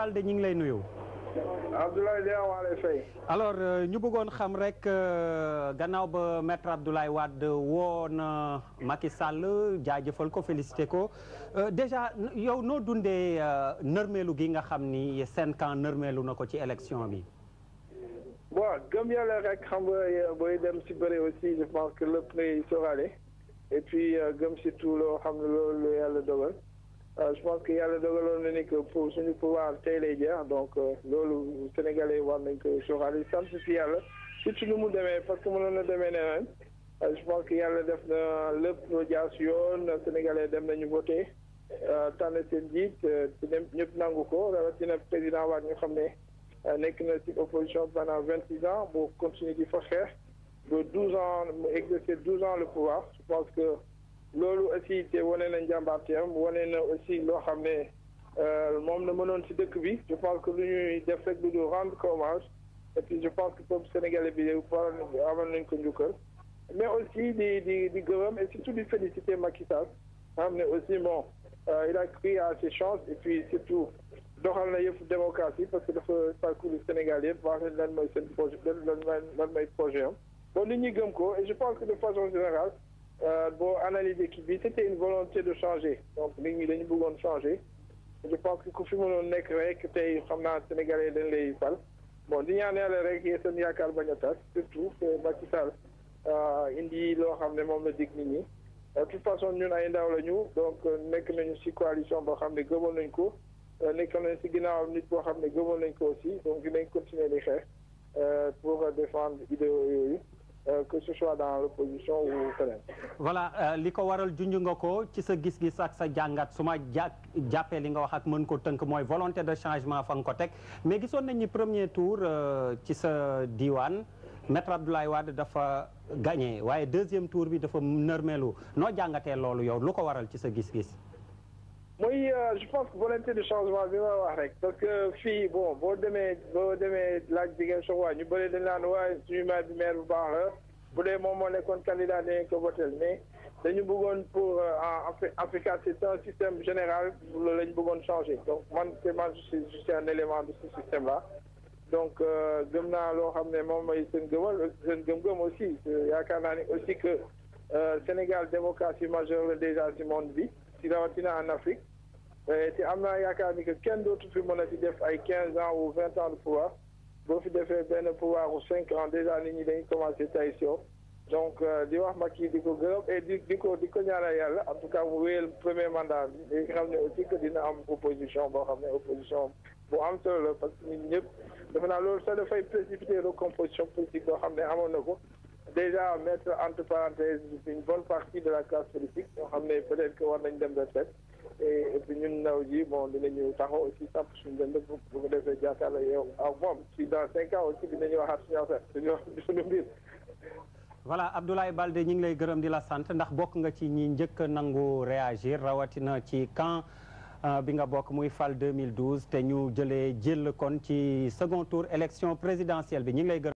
Balde ñu ngi lay nuyu. Abdoulaye Dia waa lay fay. alors euh, ñu bëggoon xam rek euh, gannaaw ba maître Abdoulaye Wade woo na euh, Macky jaajëfal ko félicité ko déjà yow noo dundee nërmeelu gi nga xam ni seen camp nërmeelu na ko ci élection bi. bon gëm yàlla rek xam booy dem si aussi je pense que lépp ngay et puis gëm surtout loo xam loolu yàlla dogal. Euh, je pense que yàlla dogaloon na ni que pour suñu pouvoir te lay jeex donc euh, loolu sénégalais war nañ ko sóoraale sant si yàlla surtout nu mu demee parce que mënoon na demee neneen euh, je pense yàlla def na lépp lu jaas yoon sénégalais dem nañu voté tànn seen jiit ñëpp nangu ko rawatina président waat ñu xam ne nekk na ci opposition pendant vingt six ans boo continuer di fa xeex ba douze ans mu exercer douze ans le pouvoir je pense loolu aussi te wane na njàmbaarteem wane na aussi loo xam ne euh, moom la mënoon ci dëkk bi je pense que lu de def rek du rendre ko hommage et puis je pense que peuple sénégalais bi waroon nañ amal nañ ko njukkal mais aussi di di di gërëm et surtout di féliciter Macky Sall xam ne aussi bon euh, il a pris à ses chances et puis surtout doxal na yëpp démocratie parce que dafa parcouru Sénégal yëpp wax leen lan mooy seen projet lan lan mooy projet bon nit ñi gëm ko et je pense que de façon générale Euh, boo analyser kii bi c'était une volonté de changer donc nit lañu dañu bëggoon changer je pense ko ku fi mënoon nekk rek tey xam naa sénégalais dañ lay fal bon di ñaanale rek yee seen yaakaar bañ a tas surtout que Macky Sall euh, indi loo xam ne moom la dig nit ñi de toute façon ñun ay ndaw la ñu donc nekk nañu ci coalition boo xam ne gëmoon nañ ko euh, nekk nañ si ginnaawam nit boo xam ne gëmoon nañ ko aussi donc dinañ continuer di xeex pour défendre idée yooyu Euh, que euh, li ko waral junj nga ko ci sa gis-gis ak sa jàngat su ma jà jàppee li nga wax ak mën ko tënk mooy volonté de changement fa nga ko teg mais gisoon nañ ni premier tour euh, ci sa diwaan maître Abdoulaye Wade dafa gagné waaye deuxième tour bi dafa nërmeelu noo jàngatee loolu yow lu ko waral ci sa gis-gis mooy euh, je pense que volonté de changement bi ma wax rek parce que fii bon boo demee boo demee laaj bi ngeen soxlaa ñu bëri dañ naan waaye suñu maire bi maire bu baax la bu dee moom moo nekkoon candidat dañu ko votel mais dañu bëggoon pour euh, en Africa c'est un système général loolu la bëggoon changer donc man c'est man je suis un élément de ce système là donc euh, gëm naa loo xam ne moom mooy seen gëmal seen gëm-gëm aussi yaakaar naa ni aussi que Sénégal démocratie majeure la déjà si monde bi ci rawatina en Afrique euh, te am naa yaakaar ni que kenn dootu fi mën a ci def ay quinze ans ou vingt ans de pouvoir boo fi defee benn pouvoir ou cinq ans déjà nit ñi dañuy commencé tay soow donc euh, di wax Macky di ko gërëm et di di ko di ko ñaanal yàlla a tout cas mu wéyal premier mandat bi nga xam ne aussi que dina am opposition boo xam ne opposition bu am solo la parce que ñun ñëpp defe naa loolu sax dafay précipiter recomposition politique boo xam ne amoon na ko déjà mettre entre parenthèses une bonne partie de la classe politique ñoo xam ne peut-être que war nañ dem retraite e puis ñun ndaw ji bon dinañu taxaw aussi sàpp suñu dënd bu ko defee jàkkaarloo yow ak ah, moom si dans cinq ans aussi dinañu waxaat suñu affaire suñu suñu mbir voilà Abdoulaye Baldé ñi ngi lay gërëm di la sant ndax bokk nga ci ñi njëkk nangu réagir rawatina ci camp euh, bi nga bokk muy fal 2012 te ñu jëlee jël kon ci second tour élection présidentielle bi ñi ngi lay gërëm